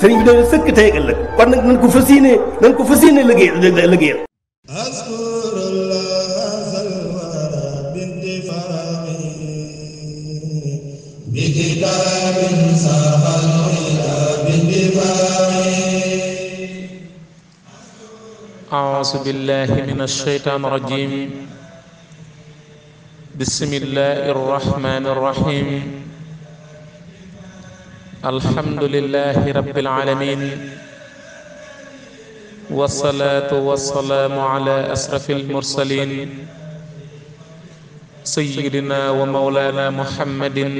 sëriñ bi dana sëkk tey ëllëg kon nag nañ ko fas yéene nañ ko fas yéene liggéeyal liggéeyal أعوذ بالله من الشيطان الرجيم بسم الله الرحمن الرحيم alhamdulilahi rabbil alamin wasalaatu wasalaamu ala asrafil mursalin sayyidina wa mawlaana muhammadin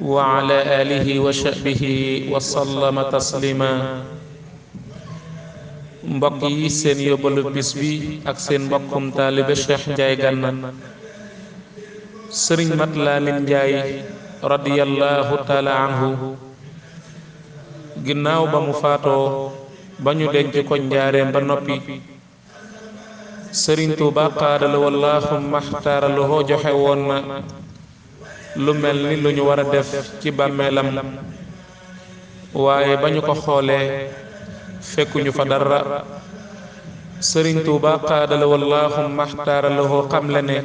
wa ala aalihi wa sahbihi wa sallama taslima mbokk yi seen yóbbalu bis bi ak seen mbokkum taalibe Cheikh Ndiaye Gana Serigne Mat Lamine Ndiaye radiyallahu taala anhu ginnaaw ba mu faatoo ba ñu denc ko njaareem ba noppi sëriñ tuuba qaadala wallaahu maxtaaralu joxe woon na lu mel ni luñu ñu war a def ci bàmmeelam waaye ba ñu ko xoolee fekkuñu fa dara sëriñ tuuba qaadala wallaahu maxtaaralu hoo xamle ne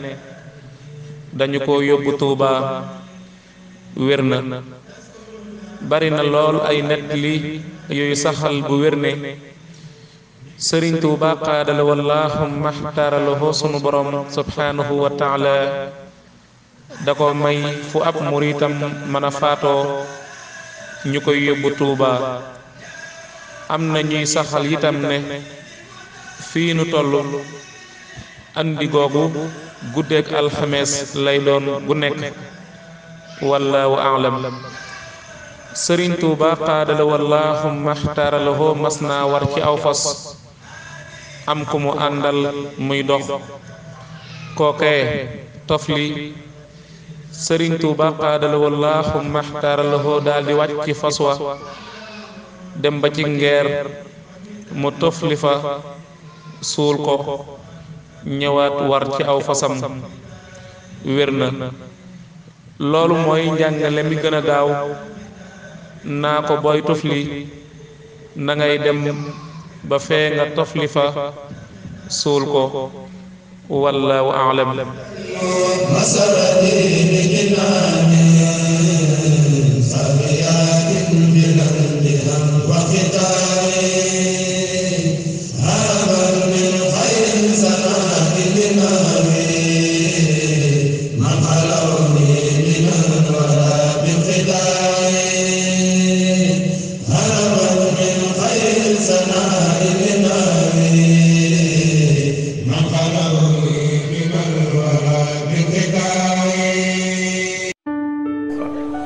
dañu ko yóbbu tuuba wér na bari na lool ay nettali yooyu saxal bu wér ne sëriñ tuuba qaadala wallaahu maxtaaralahu sunu borom subhaanahu wa da ko may fu ab muritam mën a faatoo ñu koy yóbbu tuuba am na ñuy saxal itam ne fii nu toll andi googu guddeeg alxames lay doon gu nekk wallaahu alam sëriñ tuuba qaada la wallaahumma mas naa war ci aw fas am ku mu àndal muy dox kookee tofli sëriñ tuuba qaada la wallaahumma xtaara lahoo ci fas wa dem ba ci ngeer mu tofli fa suul ko ñëwaat war ci aw fasam wér na loolu mooy njàngale mi gëna a gaaw naa ko booy tofli nangay ngay dem ba fee nga tofli fa suul ko wallahu a'lam